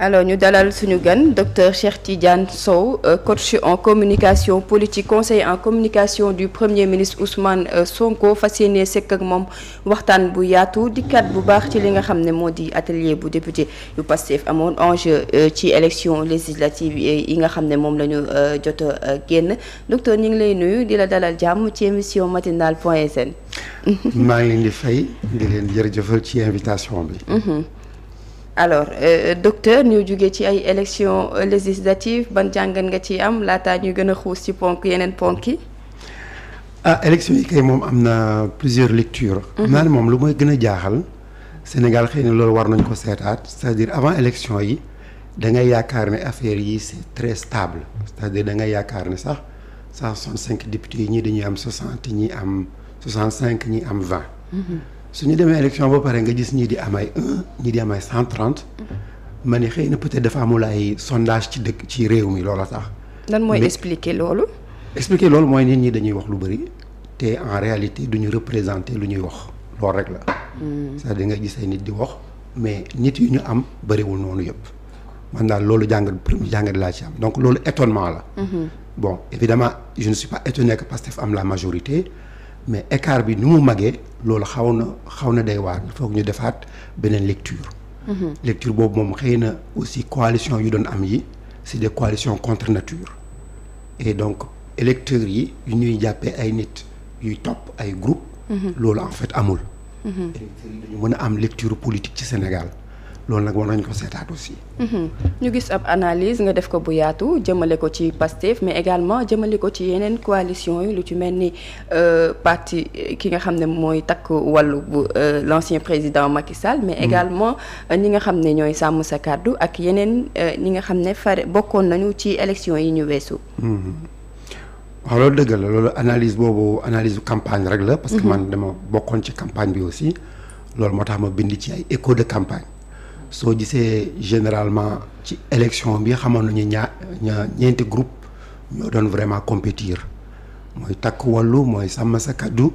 alors ñu dalal suñu gan docteur Cheikh Tidiane Sow euh, coach en communication politique conseiller en communication du premier ministre Ousmane euh, Sonko fas yéene sekk ak moom waxtaan bu yaatu dikkaat bu baax ci li nga xam ne moo di atelier bu député yu Pastef amoon enjeu euh, ci élection législative yi nga xam ne moom la jot génn docteur ñu ngi lay nuyu di la dalal jàmm ci émission matinal point sn. maa ngi leen di fay di leen jërëjëfal ci invitation bi. Mm-hmm. alors euh, docteur ñoo jógee ci ay élections législatives ban jàngat nga ci am laataa ñuy gën a xuus ci ponk yeneen ponk ki ah élections yi kay moom am na plusieurs lectures. Mhm. xam naa ne moom lu may gën a jaaxal Sénégal xëy na loolu war nañ ko seetaat c'est-à-dire avant élection yi dangay yaakaar ne affaire yi c'est très stable c'est-à-dire da ngay yaakaar ne sax cent soixante-cinq députés yi ñii dañuy am soixante ñii am soixante-cinq ñii am vingt. Mhm. su ñu demee élection ba pare nga gis ñii di am ay un ñii di am ay cent trente ma ne xëy na peut dafa amul ay sondage ci dëkk ci réew mi loola sax lan mooy expliquer loolu. expliquer loolu mooy nit ñi dañuy wax lu bëri te en réalité du ñu représenter lu ñuy wax loolu rek la. Hmm. cest di nga gis ay nit di wax mais nit yu ñu am bëriwul noonu yëpp. man daal loolu jàngat premier jàngat laa ci am donc loolu étonnement la. Mm -hmm. bon évidemment je ne suis pas étonné que Pastef am la majorité. mais écart bi nu mu magee loolu xaw na xaw na day waar il ñu defaat beneen lecture. Mhm. lecture boobu moom xëy na aussi coalition yu doon am yi c'est des coalitions contre nature et donc électeurs yi ñuy jàppee ay nit yuy topp ay groupe mhm. loolu en fait amul. Mhm. électeurs mën a am lecture politique ci Sénégal. loolu nag war nañ ko seetaat aussi. Mhm. ñu gis ab analyse nga def ko bu yaatu jëmale ko ci Pastef mais également jëmale ko ci yeneen coalition yi lu ci mel ni euh, parti euh, ki nga xam ne mooy takk wàllu bu euh, l' ancien président Macky Sall. mais mhm. également ñi nga xam ne ñooy sàmm sa kàddu ak yeneen ñi nga xam ne fare bokkoon nañu ci élection yi ñu weesu. Mhm. waaw loolu dëgg la loolu analyse boobu analyse campagne rek la. parce que man dama bokkoon ci campagne bi aussi loolu moo tax ma bind ci ay écho de campagne. soo gisee généralement ci élection bi xamoon nañu ñaa ña ñeenti groupe ñoo doon vraiment compétir mooy takk wàllu mooy sàmm sa kaddu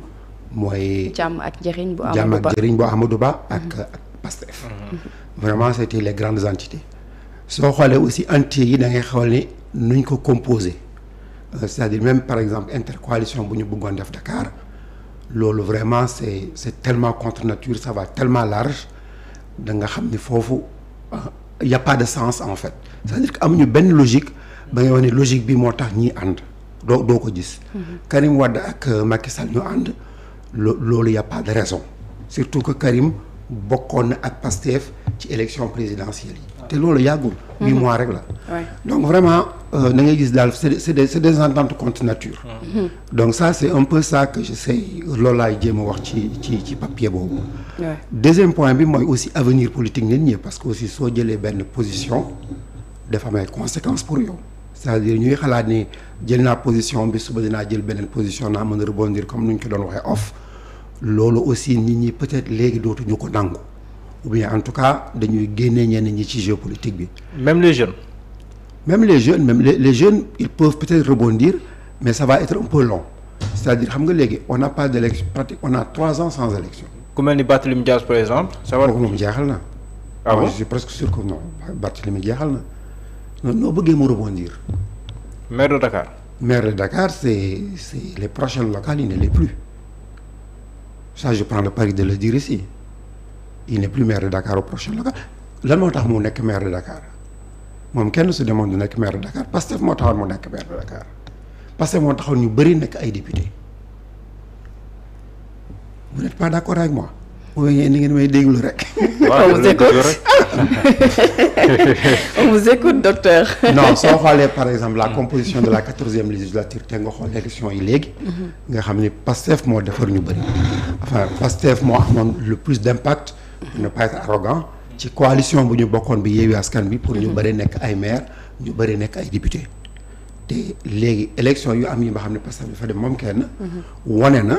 mooy. jàmm ak njëriñ bu Amadou Ba jàmm ak njëriñ bu Ba mm-hmm. ak ak Pastef. Mm-hmm. vraiment c'était les grandes entités. soo xoolee aussi entités yi da ngay xool ni nuñ ko composé euh, c'est-à-dire même par exemple intercoalition bu ñu buggoon def Dakar loolu vraiment c'est c'est tellement contre nature ça va tellement large. da nga xam ni foofu euh, y a sens en fait cest dire que amuñu benn logique ba nga wax ne logique bi moo tax ñii ànd doo doo ko gis mm-hmm. Karim Wade ak euh, Macky ñu ànd loolu y raison surtout que Karim bokkoon na ak Pastef ci élection présidentielle yi te loolu yàggul. Mm-hmm. huit mois rek la. donc vraiment na euh, ngay gis daal c'est des c'est des ententes contre nature. Mm-hmm. donc ça c'est un peu ça que j'essaye loolu a wax ci ci ci papier boobu. deuxième point bi mooy aussi avenir politique nit ñi parce que aussi soo jëlee benn position dafa am ay pour yow. c'est-à-dire ñuy xalaat ni jël naa position bi suba dinaa jël beneen position naa mën a rebondir comme nu ñu ko doon waxee off loolu aussi nit ñi peut-être léegi dootuñu ko nangu. ou bien en tout cas dañuy génne ñenn ñi ci géopolitique bi. même les jeunes. même les jeunes même les, les jeunes ils peuvent peut-être rebondir mais ça va être un peu long c'est-à-dire xam nga léegi on n'a pas d'élection pratique on a trois ans sans élection. ku mel ni Barthélémy Dias par exemple. ça va moom jeexal na. Ah presque sûr que non Barthélémy jeexal na noo bëggee mu rebondir. maire de Dakar. maire de Dakar c'est c'est les prochaines locales il ne l'est plus ça je prends le pari de le dire ici. il n'est plus maire de Dakar au prochain local lan moo tax mu nekk maire de Dakar moom kenn su demoon du nekk maire de Dakar Pastef moo taxoon mu nekk maire de Dakar Pastef moo taxoon ñu bëri nekk ay député vous n'êtes pas d'accord avec moi. bu ngeen ni ngeen may déglu rek. on vous écoute docteur. non soo xoolee par exemple la mm. composition de la quatorzième législature te nga xool élection yi léegi. Mm-hmm. nga xam ni Pastef moo defar ñu bëri. enfin Pastef moo amoon ne pas être arrogant ci coalition bu ñu bokkoon bi Yewwi Askan Wi pour ñu mhm. bëri nekk ay maire ñu bëri nekk ay député te léegi élection yu am yi nga xam ne Pastef dafa dem moom kenn mhm. wane na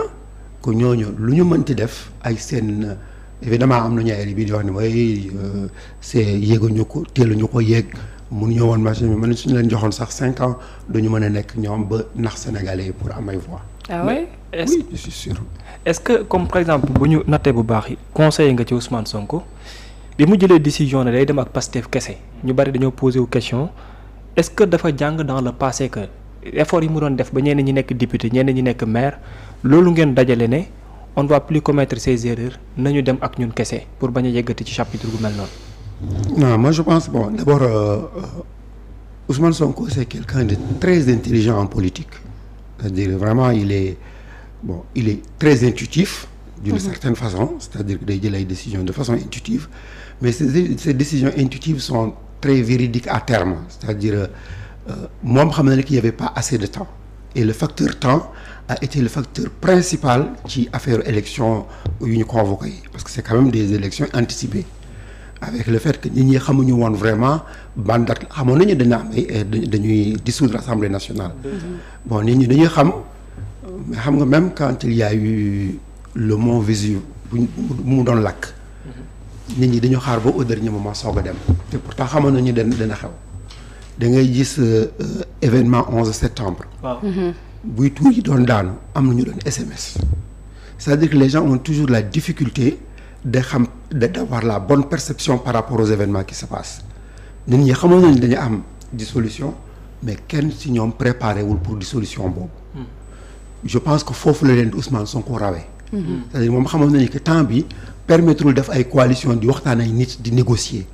que ñooñu lu ñu mënti def ay seen évidemment am na ñaari bi di wax ne mooy euh, c'est yéeguñu ko teeluñu ko yéeg mun ñoo woon machine bi mën suñu leen joxoon sax cinq ans duñu mën a nekk ñoom ba nax sénégalais yi pour am ay voix ah ouais est ce que comme par exemple bu ñu nattee bu baax yi conseiller nga ci Ousmane Sonko bi mu jëlee décision ne day dem ak Pastef kese ñu bari dañoo posé wu question est ce que dafa jàng dans le passé que effort yi mu doon def ba ñenn ñi nekk député ñenn ñi nekk maire loolu ngeen dajale ne on va plus commettre ces erreurs nañu dem ak ñun kese pour bañ a yeggati ci chapitre gu mel noonu. non moi je pense bon d' abord euh, euh, Ousmane Sonko c' est quelqu'un de très intelligent en politique. c'est-à-dire vraiment il est bon il est très intuitif d'une mhm. certaine façon c'est-à-dire que day jël ay décisions de façon intuitive mais ces, ces décisions intuitives sont très véridiques à terme c'est-à-dire euh, moom xam na ne qu'il y avait pas assez de temps et le facteur temps a été le facteur principal ci affaire élection yu ñu convoqué parce que c'est quand même des élections anticipées avec le fait que nit ñi xamuñu woon vraiment mandat xamoon nañu dina am ay euh, dañuy dissoudre l'Assemblée national mhm. bon nit ñi dañuy xam mais xam nga même quand il y a eu le mont Vésuve bu mu doon lakk. Mhm. nit ñi dañu xaar ba au dernier moment soog a dem. te pourtant xamoon nañu dina xew. da ngay gis euh, euh, événement 11 septembre. waaw mhm. buy tuur yi doon daanu am na ñu doon SMS. c'est-à-dire que les gens ont toujours la difficulté de xam d'avoir la bonne perception par rapport aux événements qui se passent. nit ñi xamoon nañ dañu am dissolution mais kenn si ñoom préparé wul pour dissolution boobu hmm. je pense que foofu la leen di Ousmane Sonko rawee hmm. c'est-à-dire moom xamoon nañu que temps bi permettre def ay coalition di waxtaan ay di négocier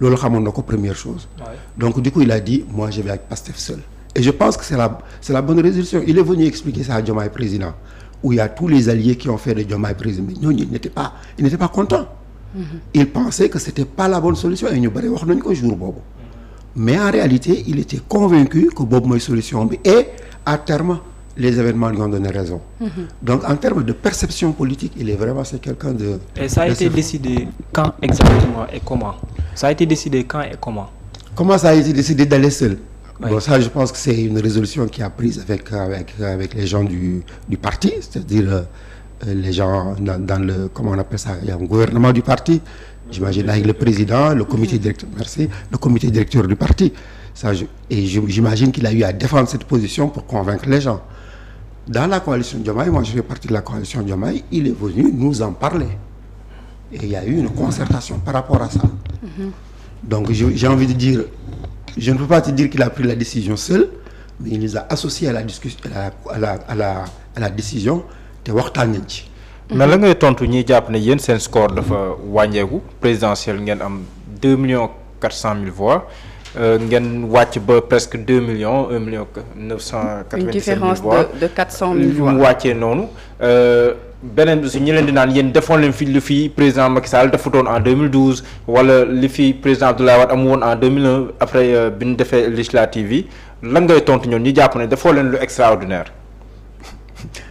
loolu xamoon na ko première chose ouais. donc du coup il a dit moi je que c'est la c'est la bonne résolution il est venu expliquer ça à président où il tous les alliés qui ont fait de Diomaye président mais ñooñu ils n'étaient pas ils n'étaient pas contents il pensait que c'était pas la bonne solution et ñu bëri wax nañu ko jour boobu mais en réalité il était convaincu que boobu mooy solution bi et à terme les événements lui ont donné raison mmh. donc en termes de perception politique il est vraiment c'est quelqu'un de et ça a de été décidé quand exactement et comment ça a été décidé quand et comment comment ça a été décidé d'aller seul oui. bon ça je pense que c'est une résolution qui a prise avec avec avec les gens du du parti c'est-à-dire euh, Euh, les gens dans, dans le comment on appelle ça il y a un gouvernement du parti j'imagine avec le président le comité directeur merci le comité directeur du parti ça je, et j'imagine qu'il a eu à défendre cette position pour convaincre les gens dans la coalition Diomaye moi je fais partie de la coalition Diomaye il est venu nous en parler et il y a eu une concertation par rapport à ça mm-hmm. donc j'ai envie de dire je ne peux pas te dire qu'il a pris la décision seul mais il nous a associés à la discussion à la à la à la, à la décision waxtaan nañ ci. na la ngay tontu ñiy jàpp ne yéen seen score dafa wàññeeku présidentielle ngeen am deux millions quatre cent mille voix euh, ngeen wàcc ba presque deux millions un million neuf cent quatre vingt sept mille voix une différence de de cent mu wàccee noonu. Euh, beneen bi si ñu leen di naan yéen defoon leen fi lu fi président Macky Sall defutoon en 2012 wala li fi président Abdoulaye Wade amu woon en 2001 après euh, bi ñu defee législative yi lan ngay tontu ñoom ñu jàpp ne defoo leen lu extraordinaire.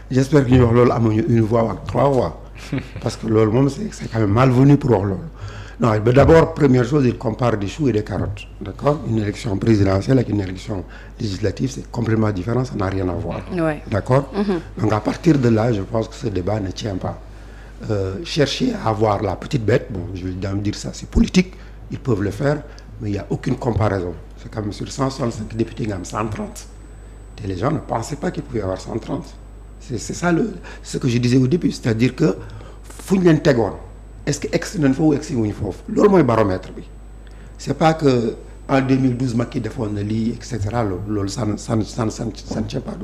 j'espère que ñu wax loolu amuñu une voix ak trois voix parce que loolu moom c'est c'est quand même malvenu pour wax loolu non mais d'abord première chose il compare des choux et des carottes une élection présidentielle c'est complètement différent ça n'a rien à voir d'accord mhm. donc à partir de là je pense que ce débat ne tient pas euh, chercher à avoir la petite bête je vais dire ça c'est politique ils peuvent le faire mais il n'y a aucune comparaison c'est quand c'est c'est ça le ce que je disais au début c'est-à-dire que fu ñu leen tegoon est-ce que egsi nañ foofu wu wuñ foofu loolu mooy baromètre bi c'est pas que en 2012 Macky defoon na lii et cetera loolu san san san san san tient pas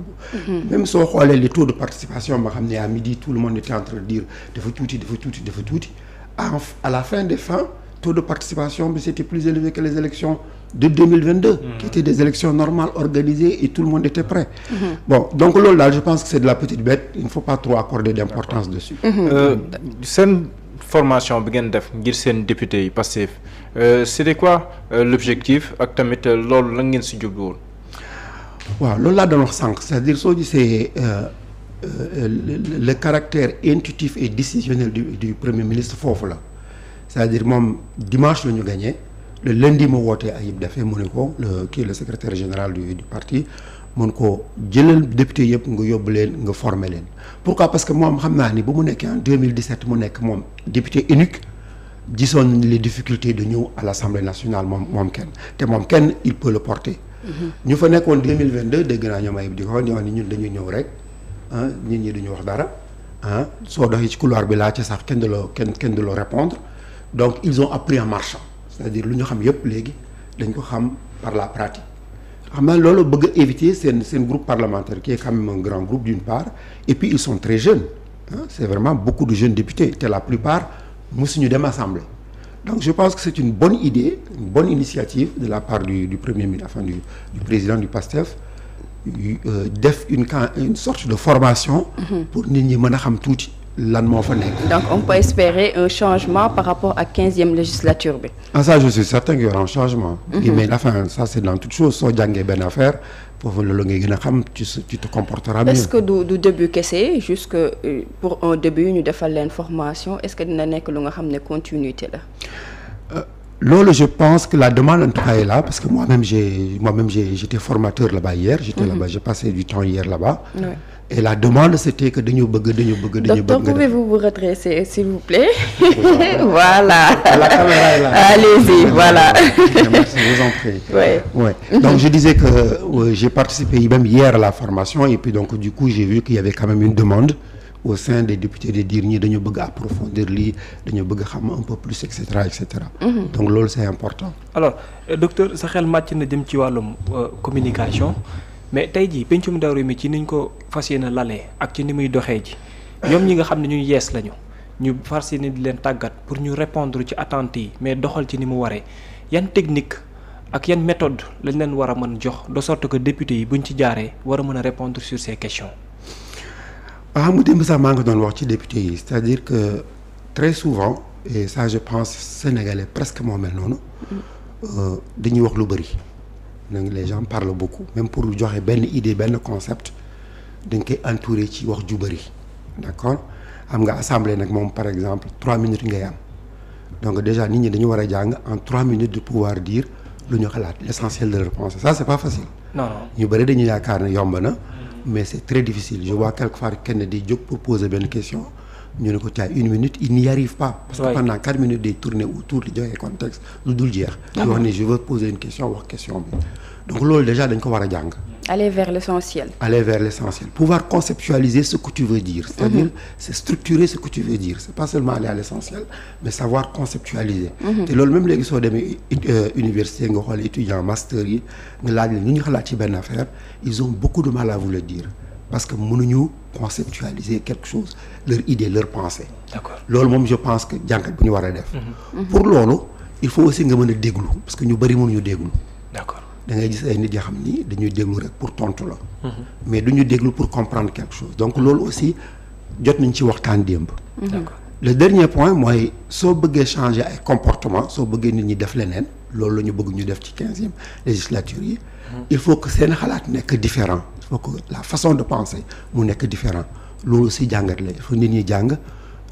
mm-hmm. soo xoolee les taux de participation ma xam ne à midi tout le monde était entre train de dafa tuuti dafa tuuti dafa tuuti à à la fin des fins taux de participation bi c'était plus élevé que les élections de 2022 mmh. qui étaient des élections normales organisées et tout le monde était prêt mmh. bon donc loolu daal je pense que c'est de la petite bête il ne faut pas trop accorder d'importance dessus mmh. euh, seen formation bi ngeen def ngir seen député yi Pastef euh, c'était quoi euh, l'objectif ak tamit euh, loolu la ngeen si jublu woon waaw loolu laa doon wax sànq c'est-à-dire soo gisee euh, euh, le caractère intuitif et décisionnel premier ministre foofu la c'est-à-dire moom dimanche la ñu gagné le lundi mu wootee Ayib Daffé mu ne ko le kii le secrétaire général du du parti mun ko jëlal député yëpp nga yóbbu leen nga former leen pour pourquoi parce que moom xam naa ni ba mu nekkee en 2017 mu nekk moom député unique gisoon les difficultés de ñëw à l'Assemblée nationale moom moom kenn te moom kenn il peut le porter. Mm-hmm. ñu fa nekkoon 2022 dégg naa ñoom Ayib di ko wax ni ñun dañuy ñëw rek ah nit ñi duñu wax dara ah soo doxee ci couloir bi laajte sax kenn kenn kenn du la répondre donc ils on appris en marchant c'est-à-dire lu ñu xam yëpp léegi dañ ko xam par la pratique xam naa loolu bëgg éviter seen seen groupe parlementaire qui est quand même un grand groupe d'une part et puis ils sont très jeunes ah c'est vraiment beaucoup de jeunes députés te la plupart mosuñu dem assemblée donc je pense que c'est une bonne idée une bonne initiative de la part du du premier ministre enfin du du président du PASTEF euh, def une une sorte de formation mm-hmm. pour nit ñi mën a xam tuuti lan moo fa nekk. donc on peut espérer un changement par rapport à quinzième législature bi. en ah, ça je suis certain qu'il y aura un changement. Mhm. mais mm -hmm. enfin ça c'est dans toute chose soo jàngee benn affaire foofu loolu ngay gën a xam tu tu te comporteras mieux. est-ce que du du début kese jusque euh, pour un début ñu defal leen formation est-ce que dina nekk lu nga xam ne continuité la. Euh, loolu je pense que la demande en tout cas est là parce que moi-même j'ai moi-même j'ai j'étais formateur là-bas hier j'étais mm -hmm. là-bas j'ai passé du temps hier là-bas ouais. et la demande c'était que dañu bëgg dañu bëgg bëgg. Docteur, pouvez-vous vous redresser s'il ah, la voilà. Merci, Donc je disais que euh, j'ai participé même hier à la formation et donc du coup j'ai vu qu'il y avait quand même une demande au sein des députés de dire ñi dañu bëgg approfondir lii dañu bëgg xam un peu plus et cetera et cetera. Mhm. donc loolu c'est important. alors euh, docteur sa xel màcc na jëm ci wàllum euh, communication. mais tey jii pencum ndaw réew mi ci niñ ko fas yéene lalee ak ci ni muy doxee ji ñoom ñi nga xam ne ñu yees lañu ñu fas yéene di leen tàggat pour ñu répondre ci attentes yi mais doxal ci ni mu waree yan technique ak yan méthode lañ leen war a mën jox de sorte que député yi buñ ci jaaree war a mën a répondre sur ces questions. waaw ah, mu démb sax maa nga doon wax ci député yi c'est-à-dire que très souvent et ça je pense sénégalais presque moomeel noonu noonu mm. euh, dañuy wax lu bëri. les gens parlent beaucoup même pour joxe benn idée benn concept dañ koy entouré ci wax ju bëri d'accord am nga assemblée nag moom par exemple trois minutes ngay am donc déjà nit ñi dañu war a jàng en trois minutes de pouvoir dire lu ñu xalaat l'essentiel de leur pensée ça c'est pas facile. non non ñu bëri dañu yaakaar ne yomb na. mais c'est très difficile je vois quelquefois kenn di jóg pour poser benn question. ñu ne ko tu as une minute il n'y arrive pas. parce que pendant quatre minutes day tourner autour di joxe contexte lu dul jeex. Ah di wax ne je une question wax question bi donc loolu déjà dañ ko war a jàng. aller vers l'essentiel. aller vers l'essentiel pouvoir conceptualiser ce que tu veux dire. cest à mhm. c'est structurer ce que tu veux dire c'est pas seulement aller à l'essentiel mais savoir conceptualiser. Mhm. te loolu même léegi soo demee euh, université nga conceptualiser quelque chose leur idée leur pensée. d'accord loolu moom je pense que jàngat bu ñu war a def. Mhm. Mhm. pour loolu il faut aussi nga mën a déglu parce que ñu bari mënuñu déglu. d'accord da ngay gis ay nit yoo xam ni dañuy déglu rek pour tontu la. Mhm. mais duñu déglu pour comprendre quelque chose donc loolu aussi jot nañ ci waxtaan démb. le dernier point mooy soo bëggee changer ay comportement soo bëggee nit ñi def leneen loolu la ñu bëgg ñu def ci quinzième législature yi. il que seen xalaat nekk différent. il faut la façon de penser mu nekk différent loolu si jàngat la il faut nit ñi jàng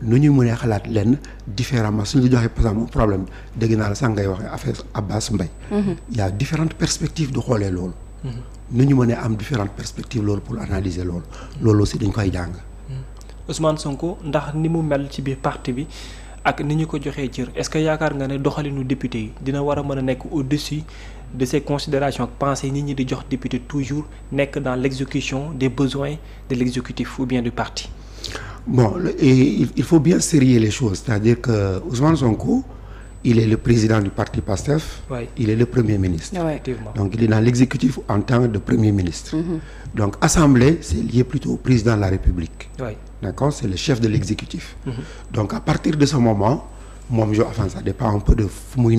nu ñu mënee xalaat lenn différemment suñu joxee par exemple problème bi dégg naa la sax ngay waxee affaire Abbas Mbaye mhm. il y a différentes perspectives du xoolee loolu mhm. nu ñu mënee am différentes perspectives loolu pour analyser loolu loolu aussi dañ koy jàng mhm. Ousmane Sonko ndax ni mu mel ci biir parti bi ak ni ñu ko joxee cër est yaakaar nga ne doxalinu député yi dina war a mën a nekk de ces considérations ak pensées nit ñi di jox député toujours nekk dans l'exécution des besoins de l'exécutif ou bien du parti. bon il faut bien sérier les choses c'est-à-dire que est le président parti PASTEF. Oui. il est le premier ministre. Oui, effectivement. donc il est dans l'exécutif en tant de premier ministre. Mm -hmm. donc assemblée c'est lié plutôt au président de la République. Oui. d'accord c'est le chef de l'exécutif. Mm -hmm. donc à partir de ce moment moom je enfin ça dépend un peu de fu muy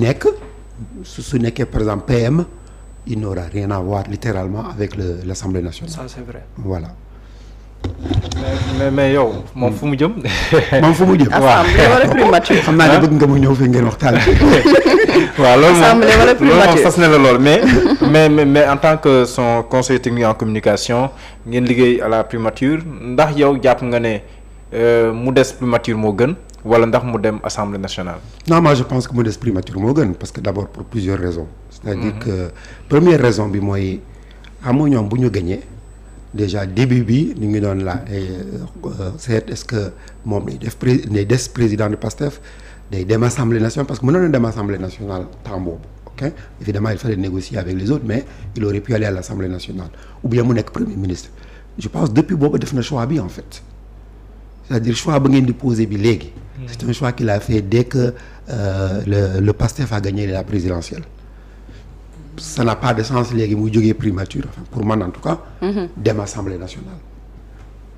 su su nekkee par exemple PM il n'aura rien à littéralement avec le l'Assemblée nationale. ça c'est voilà. mais mais yow. moom fu mu jëm. moom fu mu jëm waaw naa ne bëgg nga mu ñëw fi ngeen waxtaan. waaw loolu moom na la lool mais. mais mais en tant que son conseil technique en communication ngeen liggéey à la primature ndax yow jàpp nga ne. Euh, mu des primature moo gën wala ndax mu dem assemblée nationale. non moi je pense que mu des primature moo gën parce que d' abord pour plusieurs raisons. c' est dire mm-hmm. que première raison bi mooy amoo bu ñu gañee déjà début bi ñu ngi doon la eh, seet est ce que moom day def pré day des président de PASTEF day dem assemblée nationale parce que mënoon na dem assemblée nationale temps boobu ok évidemment il fallait négocier avec les autres mais il aurait pu aller à l' mu nekk premier ministre je pense depuis boobu def na choix bi en fait. c'est-à-dire choix ba ngeen di bi léegi. Hmm. c'est un choix qu'il a fait dès euh, le le PASTEF a gagné la présidentielle. ça n'a pas de sens léegi mu jógee primature enfin, pour man en tout cas. Mm-hmm. dem assemblée nationale.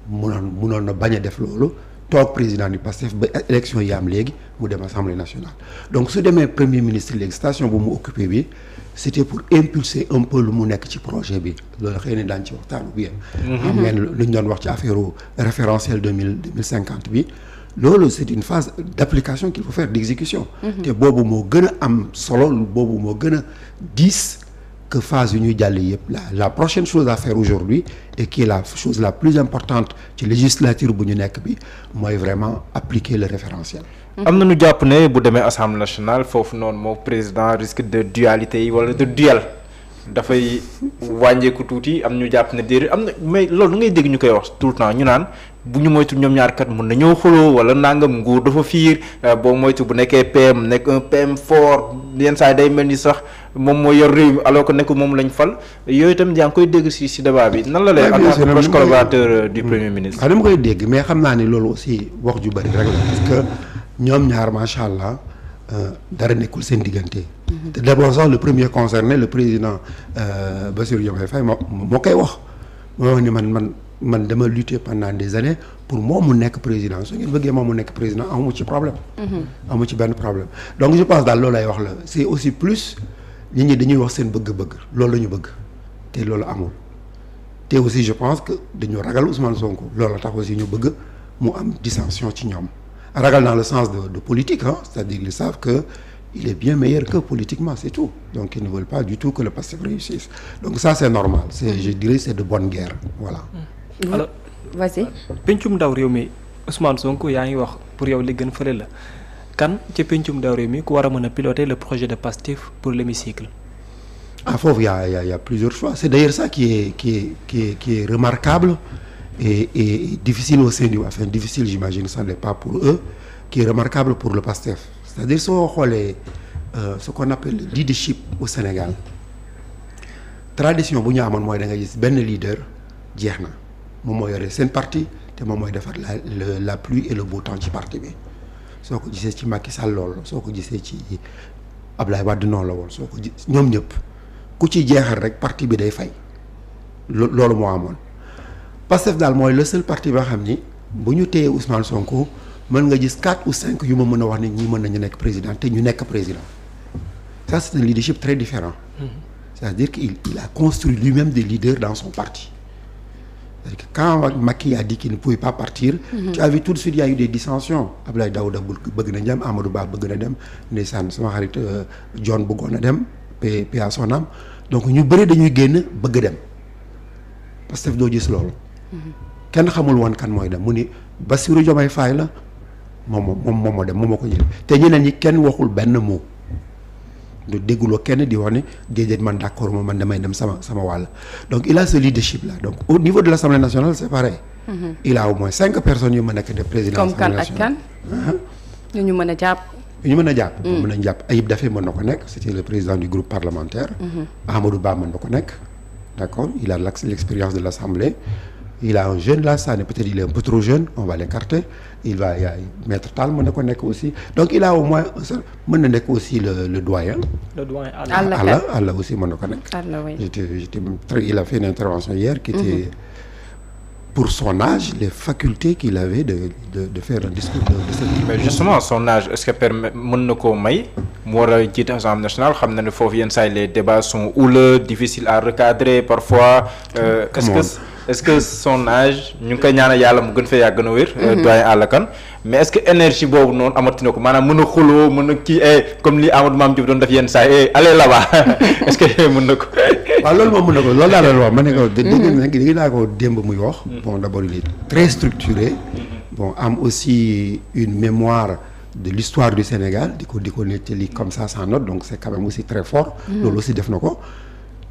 munoon munoon na bañ a def loolu. toog président du PASTEF ba élection yi am léegi mu dem assemblée nationale donc su demee premier ministre léegi station bu mu occupé bi c'était pour impulser un peu lu mu nekk ci projet bi loolu mhm. c'est une phase d'application qu'il faut faire d'exécution mhm. te boobu moo gën a am solo boobu moo gën a diis que phase yu ñuy jàll yëpp la la prochaine chose à faire aujourd'hui et qui est la chose la plus importante ci législature bu ñu nekk bi mooy vraiment appliquer le référentiel am na ñu jàpp ne bu demee assemblée nationale foofu noonu moo président risque de dualité yi wala de duel dafay wàññeeku tuuti am ñu jàpp ne déedéet am na mais loolu ngay dégg ñu koy wax tout le temps ñu naan bu ñu moytu ñoom ñaar kat mun na ñoo xuloo wala nangam nguur dafa fiir euh, boo moytu bu nekkee PM ni sax moom mooy yor réew mi nekk moom lañ fal yooyu itam yaa ngi koy dégg ci ci débat bi nan la lay. en tant que proche collaborateur euh, mm. ah, xam naa ne loolu aussi wax ju bari rek la parce que ñoom ñaar macha allah euh, dara nekkul seen diggante. Mm-hmm. te le premier concerné le président Bassirou Diomaye moo moo koy wax moo wax ni man man. man dama lutter pendant des années pour moom mu nekk président su ngeen bëggee moom mu nekk président amu ci problème. Mm-hmm. amu ci benn problème donc je pense daal loolu lay wax la c' est aussi plus nit ñi dañuy wax seen bëgg-bëgg loolu la ñu bëgg te loolu amul te aussi je pense que dañu ragal Ousmane Sonko loolu la tax si ñu bëgg mu am dissension ci ñoom ragal dans le sens de de politique ah c' est à dire ils savent que. il est bien meilleur que politiquement c'est tout donc ils ne veulent pas du tout que le Pastef réussisse donc ça c'est normal c'est je dirais alors vas-y pencum ndaw réew mi Ousmane Sonko yaa ngi wax pour yow li gën fële la kan ci pencum ndaw mi ku war a mën a piloter le projet de Pastef pour l'hémicycle ah foofu y a y y a plusieurs choix c'est d'ailleurs ça qui est qui est qui est qui est remarquable et et difficile au sein du pour eux qui est remarquable soo xoolee euh, ce qu'on appelle le leadership au Sénégal tradition bu ñu amoon mooy da nga gis benn leader jeex na moom moo yore seen parti te moom mooy defar la la pluie et le beau temps ci parti bi soo ko gisee ci Macky Sall lool soo ko gisee ci Ablaye Wade noonu la woon soo ko gis ñoom ñëpp ku ci jeexal rek parti bi day fay loolu moo amoon Pastef daal mooy le seul parti ba xam ni bu ñu téyee Ousmane Sonko mën nga gis quatre ou cinq yu ma mën a wax ne ñii mën nañu nekk président te ñu nekk président ça c'est un leadership très différent mm-hmm. c'est-à-dire qu'il quand Macky a ak qu'il ne pouvait pas partir. Mm -hmm. tu as vu tout de suite il y a eu des dissensions Abdoulaye Daouda bëgg na dem Amadou Ba bëgg na dem ndeysaan sama xarit euh, John bëggoon a dem paix paix à donc ñu bëri dañuy génn bëgg dem parce que doo gis loolu. Mhm. kenn xamul woon kan mooy dem mu ni Bassirou Diomaye Faye la moom moo moom moo dem moom moo ko jël te ñeneen ñi kenn waxul benn mot. du dégguloo kenn di wax ne déedéet man d'accord moom man damay dem sama sama wàll donc il a ce leadership là donc au niveau de l'Assemblée nationale c'est pareil. Mm-hmm. a au moins cinq personnes yu mën a nekk de président. comme kan ñu mën a jàpp. ñu mën a jàpp. Mm. mën nañu mën na ko nekk c'était le président du groupe parlementaire. Mm-hmm. Amadou Ba mën na ko nekk. d'accord il a l'expérience de l'Assemblée. il a un jeune là Sané peut-être il est un peu trop jeune on va l'écarter il va y a maître Tall mën na ko nekk aussi donc il a au moins mën na nekk aussi le le doyen. le doyen Alla Alla Alla aussi mën na ko nekk. Alla oui j'étais j'étais très il a fait une intervention hier qui était. Mhm. pour son âge les facultés qu'il avait de de de faire un discours de de cette mais justement son âge est-ce que permet mën na koo may mu war a jiite Assemblée nationale xam na ne foofu yenn saa yi les débats sont houleux difficiles à recadrer parfois. Euh, est-ce que est-ce que son âge ñu ngi koy ñaanal yàlla mu gën fee yàgg gën a wér. Euh, mhm. doyen Alla Kane mais est-ce que énergie boobu noonu amati ko maanaam mën a xuloo mën a kii eh, comme li Amadou Mame Diop doon def yenn saa yi eh, allez là-bas est-ce que mën na ko. waaw loolu moom mën na ko loolu daal la wax ma ne ko. Mhm. dégg naa ko démb muy wax. Mhm. bon d'abord il est très structuré. bon am aussi une mémoire. de l'histoire du Sénégal di ko di ko nettali comme ça sans donc c'est quand même aussi aussi def na ko.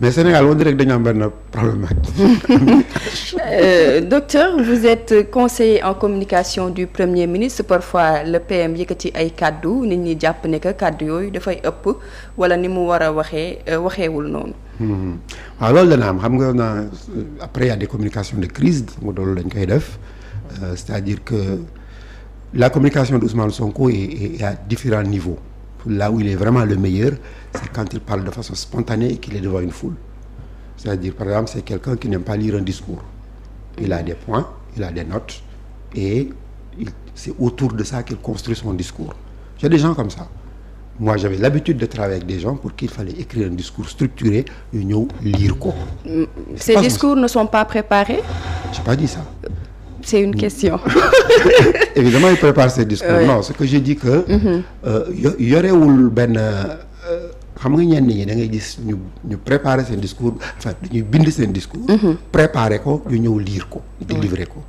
mais Sénégal on dirait dañu am benn problème ak. Euh, docteur vous êtes conseiller en communication du premier ministre parfois le PM yëkkati ay kàddu nit ñi jàpp ne que kàddu yooyu dafay ëpp wala ni mu war a waxee euh, waxeewul noonu. Hmm. waaw loolu dana am xam nga na après y a des communications de crise mu doolu lañ koy def euh, c'est-à-dire que la communication de Ousmane Sonko est, est à niveaux. là où il est vraiment le meilleur, c'est quand il parle de façon spontanée et qu'il est devant une foule. C'est-à-dire, par exemple, c'est quelqu'un qui n'aime pas lire un discours. Il a des points, il a des notes, et c'est autour de ça qu'il construit son discours. J'ai des gens comme ça. Moi, j'avais l'habitude de travailler avec des gens pour qu'il fallait écrire un discours structuré, ñu ñëw lire ko. Mm, ces discours ne sont pas préparés? J'ai pas dit ça. c'est une question. évidemment il prépare ses discours. Oui. ce que je dis que. Mhm. Euh, yorewul benn euh, xam nga ñenn ñi da ngay gis ñu ñu préparer seen discours enfin dañuy bind seen discours. Mhm. préparer ko ñu ñëw lire ko. délivrer ko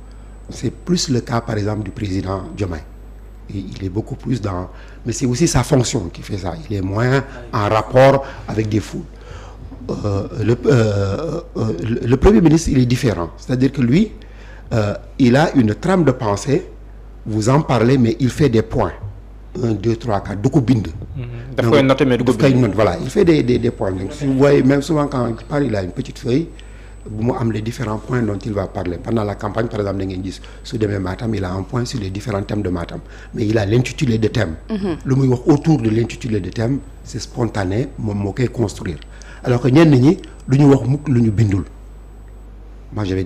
c'est plus le cas par exemple du président Diomaye. il est beaucoup plus dans mais c'est aussi sa fonction qui fait ça il est moins en rapport avec des foules euh, le, euh, euh, le premier ministre il est différent c'est-à-dire que lui euh, il a une trame de pensée vous en parlez mais il fait des points un deux trois quatre du ko bind. Mhm. daf koy noter mais du ko bind voilà il fait des des points si vous voyez même souvent quand il il a une petite feuille bu mu am les différents points dont il va parler pendant la campagne par exemple da ngeen gis su demee Matam il a un point sur les différents thèmes de Matam mais il a l'intitulé de thème. Mhm. lu muy wax autour de l'intitulé de thème c'est spontané ñi lu ñu lu ñu bindul moi j'avais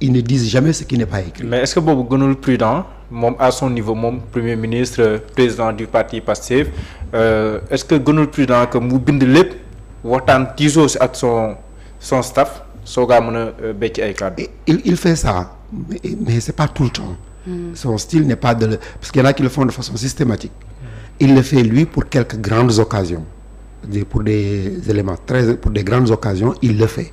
ils ne disent jamais ce qui n'est pas écrit. mais est-ce que boobu gënul prudent moom à son niveau moom premier ministre président du parti Pastef euh, est-ce que gënul prudent que mu bind lépp waxtaan tiisoo si ak son son staff soo gaa mën a euh, bécc ay kàddu. il il fait ça mais c'est pas tout le temps. Mm. son style n'est pas de le parce qu'il y en a qui le font de façon systématique. Hmm. il le fait lui pour quelques grandes occasions. pour des éléments très pour des grandes occasions il le fait.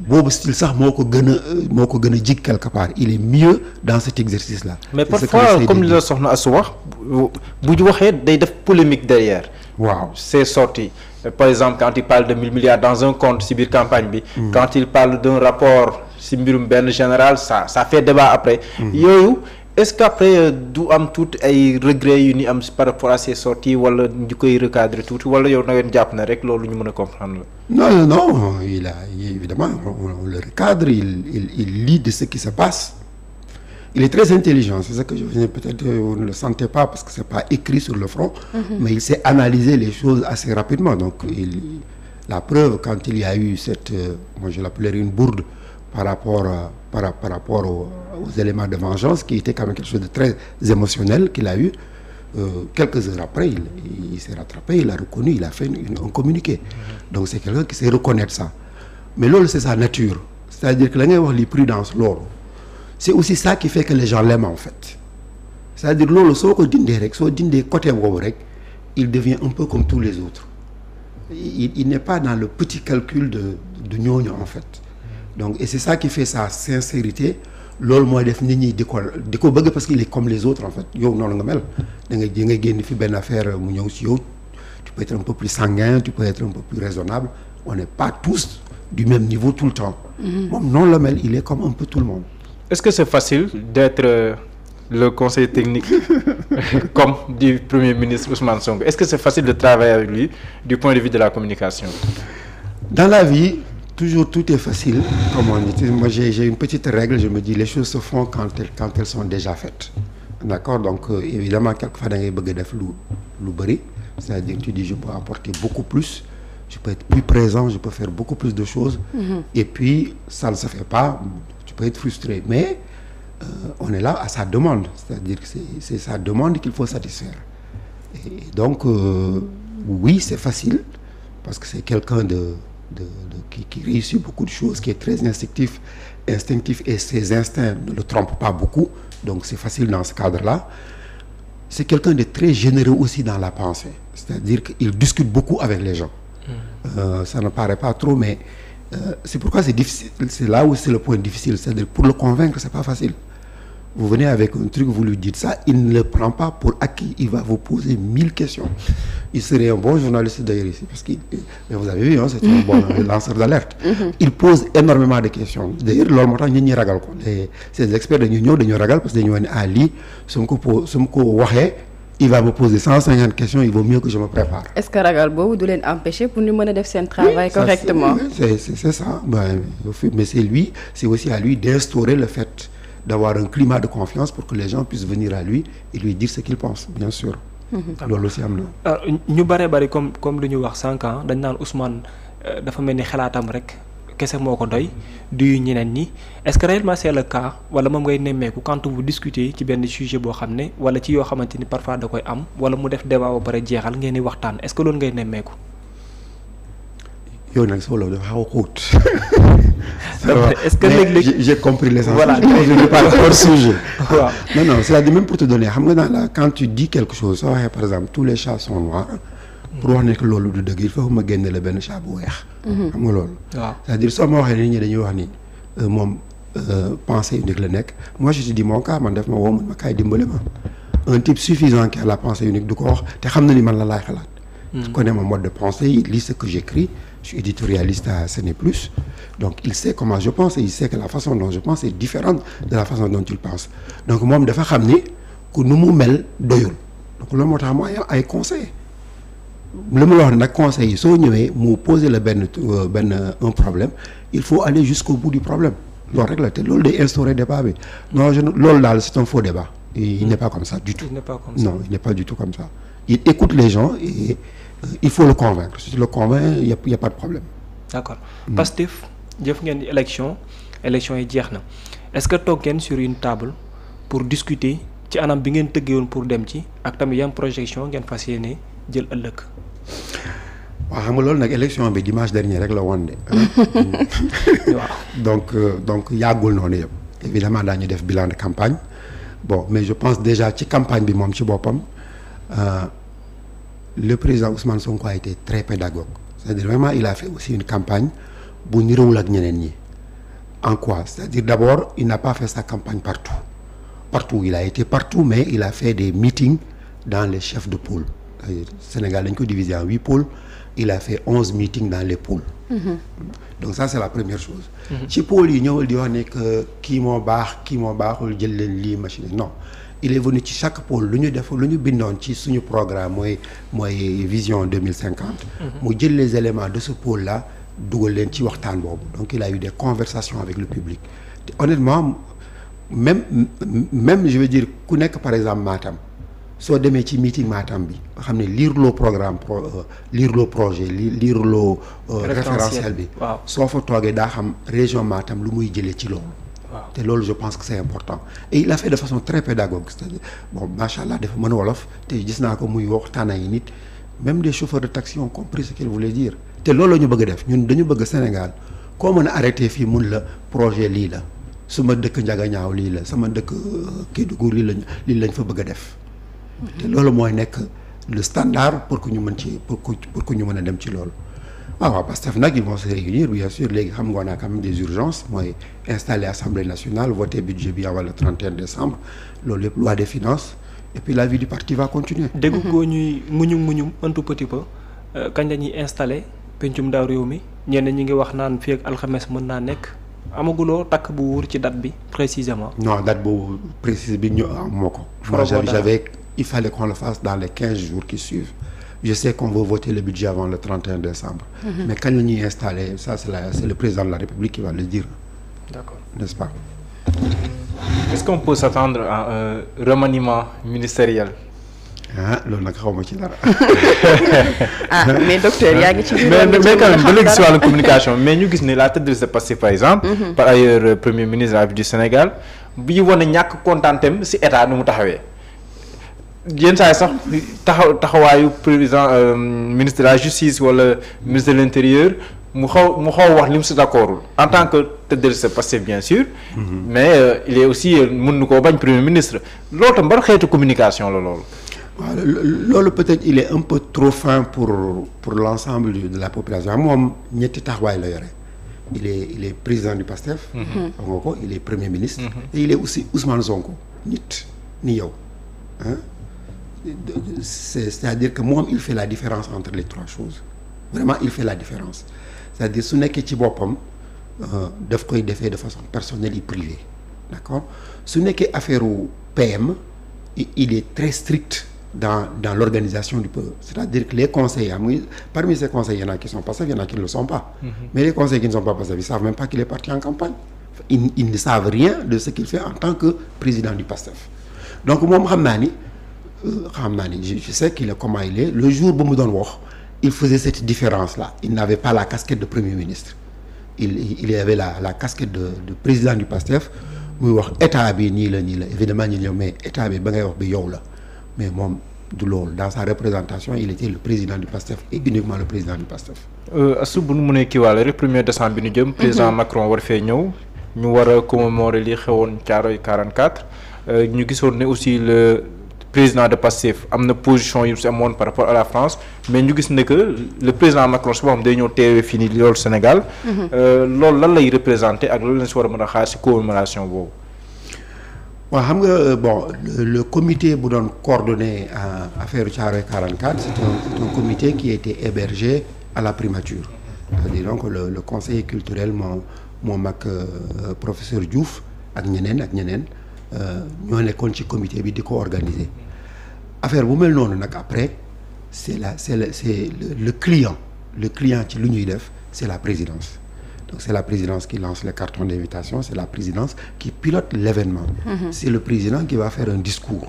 boobu style sax moo ko gën moo ko gën a jig quelque part il est mieux dans cet exercice là. mais parfois comme li la soxna Asou wax bu waxee day def polémique derrière. waaw c'est sorti par exemple quand il parle de mille milliards dans un compte ci biir campagne bi. Mmh. quand il parle d'un rapport ci mbirum benn général ça ça fait débat après. Hmm. yooyu. est-ce qu'après euh, du am tuuti ay regret yu ni am par rapport à ces sorties wala ñu koy recadrer tuuti wala yow na ngeen jàpp na rek loolu ñu mën a comprendre la. non non non il a évidemment on, on le recadre il il il lit de ce qui se passe il est très intelligent c'est ce que je peut-être euh, on ne le sentait pas parce que c'est pas écrit sur le front. Mm -hmm. mais il sait analyser les choses assez rapidement donc il la preuve quand il y a eu cette euh, moi je l'appellerais une bourde. par rapport, par, par rapport aux, aux, éléments de vengeance, qui était quand même quelque chose de très émotionnel qu'il a eu. Euh, quelques heures après, il, il s'est rattrapé, il a reconnu, il a fait une, une, un communiqué. Donc c'est quelqu'un qui sait reconnaître ça. Mais l'autre, c'est sa nature. C'est-à-dire que l'un les prudence, l'autre. C'est aussi ça qui fait que les gens l'aiment en fait. C'est-à-dire l'autre, si on dit des côtés, il devient un peu comme tous les autres. Il, il n'est pas dans le petit calcul de, de en fait. donc et c'est ça qui fait sa sincérité loolu mooy def nit ñi di ko di ko bëgg parce qu'il est comme les autres en fait yow noonu nga mel da nga nga génn fi benn affaire mu si yow tu peux être un peu plus sanguin tu peux être un peu plus raisonnable on n'est pas tous du même niveau tout le temps mm-hmm. moom noonu la il est comme un peu tout le monde est-ce que c'est facile d'être euh, le conseil technique comme du premier ministre Ousmane Sonko est-ce que c'est facile de travailler avec la communication dans toujours tout est facile comme on dit moi j'ai une petite règle je me dis les choses se quand elles, sont déjà faites d'accord euh, évidemment quelquefois da ngay bëgg a def lu lu bëri c'est-à-dire tu je peux apporter beaucoup plus je peux être plus présent je peux faire beaucoup plus de choses mm-hmm. et puis ça euh, satisfaire donc euh, oui c'est facile parce que c'est quelqu'un de, de qui, qui, réussit beaucoup de choses, qui est très instinctif, instinctif et ses instincts ne le trompent pas beaucoup. Donc c'est facile dans ce cadre-là. C'est quelqu'un de très généreux aussi dans la pensée. C'est-à-dire qu'il discute beaucoup avec les gens. Mmh. Euh, ça ne paraît pas trop, mais euh, c'est pourquoi c'est difficile. C'est là où c'est le point difficile. C'est-à-dire pour le convaincre, c'est pas facile. vous venez avec un truc, vous lui dites ça, il ne le prend pas pour acquis, il va vous poser mille questions. Il serait un bon journaliste d'ailleurs parce que vous avez vu, hein, c'est un bon lanceur d'alerte. Mhm. Il pose énormément de questions. D'ailleurs, loolu moo tax ñun ñu ragal ko ces experts dañu ñëw dañu ragal parce que dañu wane ah lii su ma ko po su ma ko waxee il va me poser cent cinquante questions il vaut mieux que je me prépare. est-ce que ragal boobu du leen empêcher pour ñu mën a def travail correctement. c'est ça mais d'avoir un climat de confiance pour que les gens puissent venir à lui et lui dire ce qu'ils pensent bien sûr mhm. loolu aussi am na euh, ñu bare bari comme comme lu ñu wax sànq ah, dañ naan Ousmane euh, dafa mel ni xalaatam rek kese moo ko doy duyu ñeneen ñi est-ce que réellement c'est le cas wala moom ngay nemmeeku quand vous discutez ci benn sujet boo xam ne wala ci yoo xamante ni parfois da koy am wala mu def débat ba pare jeexal ngeen di waxtaan est-ce que loolu ngay nemmeeku yow nag solo dafa xaw a xóot. est-ce que léeg-léeg j'ai compris l'essence. voilà je ne parle pas hors sujet. waaw non non c'est-à-dire même pour te donner xam nga dans la quand tu dis quelque chose soo waxee par exemple tous les chats sont noirs. pour wax ne loolu du dëgg il faut ma génne la benn chat bu weex. Mhm. xam nga loolu. waaw c'est-à-dire soo ma waxee nit ñi dañuy wax ni euh, moom euh, pensée unique la nekk moi je te dis mon cas def ma woo man ma kaay dimbale ma un type suffisant qui la pensée unique du ko wax te xam na ni man la laay xalaat. Hmm. connais ma mode de pensée il lit je suis éditorialiste à Ce n'est plus. Donc il sait comment je pense et il sait que la façon dont je pense est différente de la façon dont il pense donc moom dafa xam ni ku nu mu mel doyul donc loolu moo tax mu ay conseil li ma la wax nag conseil yi soo ñëwee mu poser le benn euh, benn un problème il faut aller jusqu'au bout du problème loolu rek la te loolu day instaurer débat bi non je loolu daal c'est un faux débat il n'est pas il n'est pas du tout comme ça il écoute les il faut le convaincre si tu le convaincs y a y a pas de problème. d'accord Pastef jëf ngeen di élection élection yi jeex na est-ce que toog kenn sur une table pour discuter ci anam bi ngeen tëggee woon pour dem ci ak tamit yan projection ngeen fas yéene jël ëllëg. waaw xam nga loolu nag élection bi dimanche dernier rek la woon de. waaw donc euh, donc yàggul noonu yëpp. évidemment daañu def bilan de campagne bon mais je pense déjà ci campagne bi moom ci boppam euh, le président Ousmane Sonko a été très pédagogue c'est-à-dire vraiment il a fait aussi une campagne bu niroowul ak ñeneen ñi en quoi c'est-à-dire d'abord il n'a pas fait sa campagne partout partout il a été partout mais il a fait des meetings dans les chefs de pôle Sénégal dañ ko divisé en huit pôles il a fait onze meetings dans les pôles mm -hmm. donc ça c'est la première chose mm-hmm. ci pôle yi ñëwal di wax ne que kii moo baax kii moo baaxul jël leen lii machine no il est venu ci chaque pôle lu ñu def lu ñu bindoon ci suñu programme mooy mooy vision 2050 mm-hmm. mu jël les éléments de ce pôle là dugal leen ci waxtaan boobu donc il a eu des conversations avec le public te honnêtement même même je ku nekk par exemple Matam soo demee ci meeting Matam bi xam ne liir loo programme pro euh, lire loo projet liir loo euh, référentiel bi waaw soo fa toogee daa xam région Matam lu muy jëlee ci loolu te loolu je pense que c'est important et il a fait de façon très pédagogique c'est-à-dire bon macha allah dafa mën wolof te gis naa ko muy waxtaan ay nit même des chauffeurs de taxi ont compris ce qu'il voulait dire te loolu la ñu bëgg def ñun dañu bëgg Sénégal koo mën a arrêté fii mun la projet lii la suma dëkk Njagañaaw lii la sama dëkk euh, Kédougou lii lañ lii lañ fa bëgg a def te loolu mooy nekk le standard pour que ñu mën ci pour que pour que ñu mën a dem ci loolu ah waaw Pastef nag ils vont se réunir bien sûr léegi xam nga on a quand même des urgences mooy installer assemblée nationale voter budget bi avant le 31 décembre loolu yëpp loi des finances et puis la vie du parti va continuer. dégg mhm. koo ñuy muñum muñum un tout petit peu euh, kañ la ñuy installé pencum daaw réew mi ñenn ñi ngi wax naan fii ak mën naa nekk amaguloo takk bu wóor ci date bi précisément. non date bu précise bi ñu am ah, moo ko. moi j'avais il fallait qu'on quinze jours qui je sais qu'on veut voter le budget avant le 31 décembre. Mm -hmm. mais kañ la ñuy installer ça c'est la c'est le président de la République qui va le dire. d'accord n'est-ce pas. est-ce qu'on peut s'attendre remaniement ministériel. ah loolu nag xaw ma ci dara. ah mais docteur yaa ngi ci biir mais mais quand même ba léegi si wàllu communication mais ñu gis ni laa tête de ce passé par exemple. Mm-hmm. par ailleurs premier ministre du Sénégal bi ñu wane ñàkk kontaanteem si état nu mu taxawee. yenn saa yi sax taxaw taxawaayu président euh, ministre de la justice wala ministre de l' intérieur mu xaw mu xaw wax li mu si d' en tant que tête de liste Pastef bien sûr. Mhm. mais euh, il est aussi euh, mën na koo bañ premier ministre loolu tam ban xeetu communication la loolu. loolu peut-être il est un peu trop fin pour pour l' ensemble de la population moom ñetti taxawaay la yore. il est il est président du PASTEF. Mhm. xam ko il est premier ministre. Mm il est aussi Ousmane Sonko nit ni c'est c'est-à-dire que moom il fait la différence entre les trois choses vraiment il fait la différence c'est-à-dire su nekkee ci boppam euh, daf koy defee de façon personnelle et privée d'accord su nekkee affaire u PM il est très strict dans dans l'organisation du peuple c'est-à-dire que les conseillers ah, muy parmi ces conseillers y a qui sont a qui pas mm -hmm. même pas qu'il est parti en campagne ils, ne savent rien de ce qu'il fait en tant que président du PASTEF donc moom xam naa ni je sais qu'il est comment il est le jour bu mu doon wax il faisait cette différence là il n'avait pas la casquette de premier ministre il il y la la de président du PASTEF muy wax état bi nii la nii la évidemment ñu ñëw mais état bi ba ngay wax bi yow la mais moom du loolu dans sa représentation il était le président du PASTEF et uniquement le président du PASTEF. Euh, Astou bu nu mënee kiiwaale premier décembre bi ñu jëm. Mhm. président Macron a commémorer li président de Pastef am na position yu si amoon par rapport à la France mais ñu gis ne que le président Macron su boo xam day ñëw teewee fii nii loolu Sénégal. Mhm. Euh, loolu lan lay représenté ak loolu lañ si war a mën a xaar si commémoration boobu. waaw xam nga euh, bon le comité bu doon coordonné euh, affaire Thiaroye 44 c'est un, comité qui était hébergé à la primature cest le, le conseiller culturel moo moo mag professeur Diouf ak ñeneen ak ñeneen ñoo nekkoon ci comité bi di ko organiser affaire bu mel noonu nag après c'est la c'est la c'est le client le client ci lu ñuy def c'est la présidence donc c'est la présidence qui lance le carton d'invitation c'est la présidence qui pilote l'événement mm -hmm. c'est le président qui va faire un discours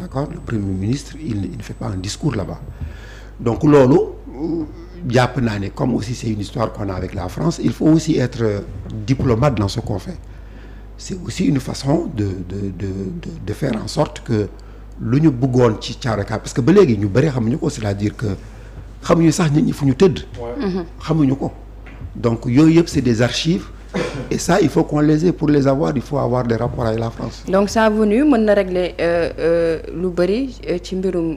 d'accord le premier ministre il, il ne fait pas un discours là-bas donc loolu jàpp naa ne comme aussi c'est une histoire qu'on a avec la France il faut aussi être euh, diplomate dans ce qu'on fait c'est aussi une façon de de de de, de faire en sorte que lu ñu bëggoon ci Thiaroye Kaw parce que ba léegi ñu bëri xamuñu ko c'est-à-dire que xamuñu sax nit ñi fu ñu tëdd. Mhm. xamuñu ko donc yooyu yëpp c'est des archives. et ça il faut qu'on les pour les avoir il faut avoir des rapports avec la France. donc ça venu mën na régler euh, euh, lu bëri euh, ci mbirum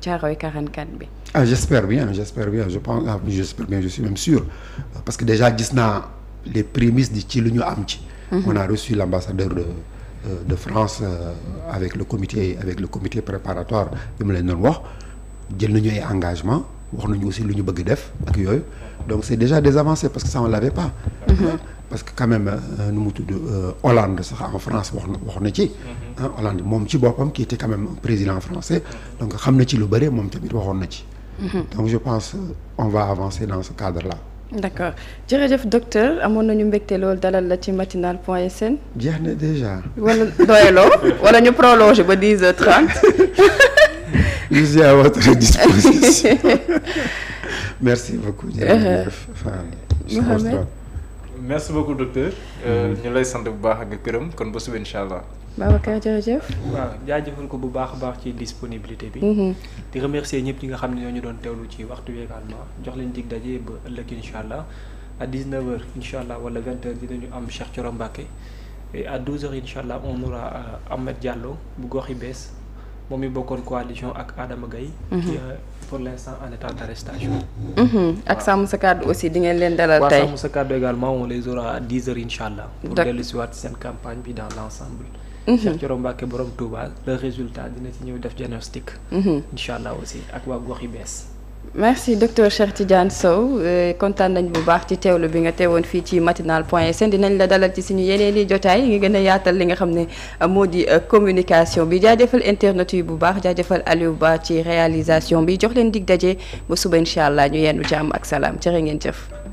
Thiaroye 44 bi. ah j'espère bien j'espère bien je pense ah, j'espère bien je suis même sûr parce que déjà gis naa les prémices di ci lu ñu am ci. Mhm. Euh, de France euh, avec le comité avec le comité préparatoire bi mu leen doon wax jël nañu ay engagement wax nañu aussi lu ñu bëgg def ak yooyu donc c'est déjà des avancées parce que ça on l'avait pas mm-hmm. parce que quand même euh, nu mu tudd Hollande sax en France wax na wax na ci mm-hmm. Hollande moom ci boppam qui était quand même président français donc xam na ci lu bari moom tamit waxoon na ci mm-hmm. donc je pense on va avancer dans ce cadre là d'accord jërëjëf docteur amoon nañu mbégte loolu dalal la ci matinal point sn. jeex na déjà. wala doyeloo wala ñu prolonger ba dix heures trente. je suis à votre merci beaucoup. jërëjëf Mohamed merci beaucoup docteur. Euh, ñu lay sante bu baax ak këram kon ba suba incha allah. Babacar jërëjëf. waaw jaajëfal ko bu baax a baax ci disponibilité bi. Mhm. di remercier ñëpp ñi nga xam ne ñoo ñu doon teewlu ci waxtu bi également jox leen dig daje ba ëllëg incha allah à 19h incha allah wala 20h dinañu am Cheikh Thioro Mbacké et à 12h incha allah on aura euh, Ahmed Diallo bu gox i moom mi bokkoon coalition ak Adama Gaye mhm. qui pour l' instant en état d' arrestation. Mhm. ak Sàmm sa kàddu aussi di ngeen leen dalal tey waaw Sàmm sa kàddu également on les aura à 10h allah. pour dellu si seen bi dans l' ensemble. Mhm. Cheikh Thioro Mbacké borom Touba le résultat dina ci ñëw def diagnostic. Mhm. incha allah aussi ak waa gox merci docteur Cheikh Tidiane Sow eh, kontaan nañ bu baax ci teewlu bi nga teewoon fii ci matinal point sn dinañ la dalal ci ñu yeneen i jotaay ngi gën yaatal li nga xam ne eh, moo di eh, communication bi jaa jëfal internet yi bu baax jaa jaajëfal Aliou Ba ci réalisation bi jox leen dig daje ba suba incha allah ñu yenn am ak salaam jërë ngeen jëf.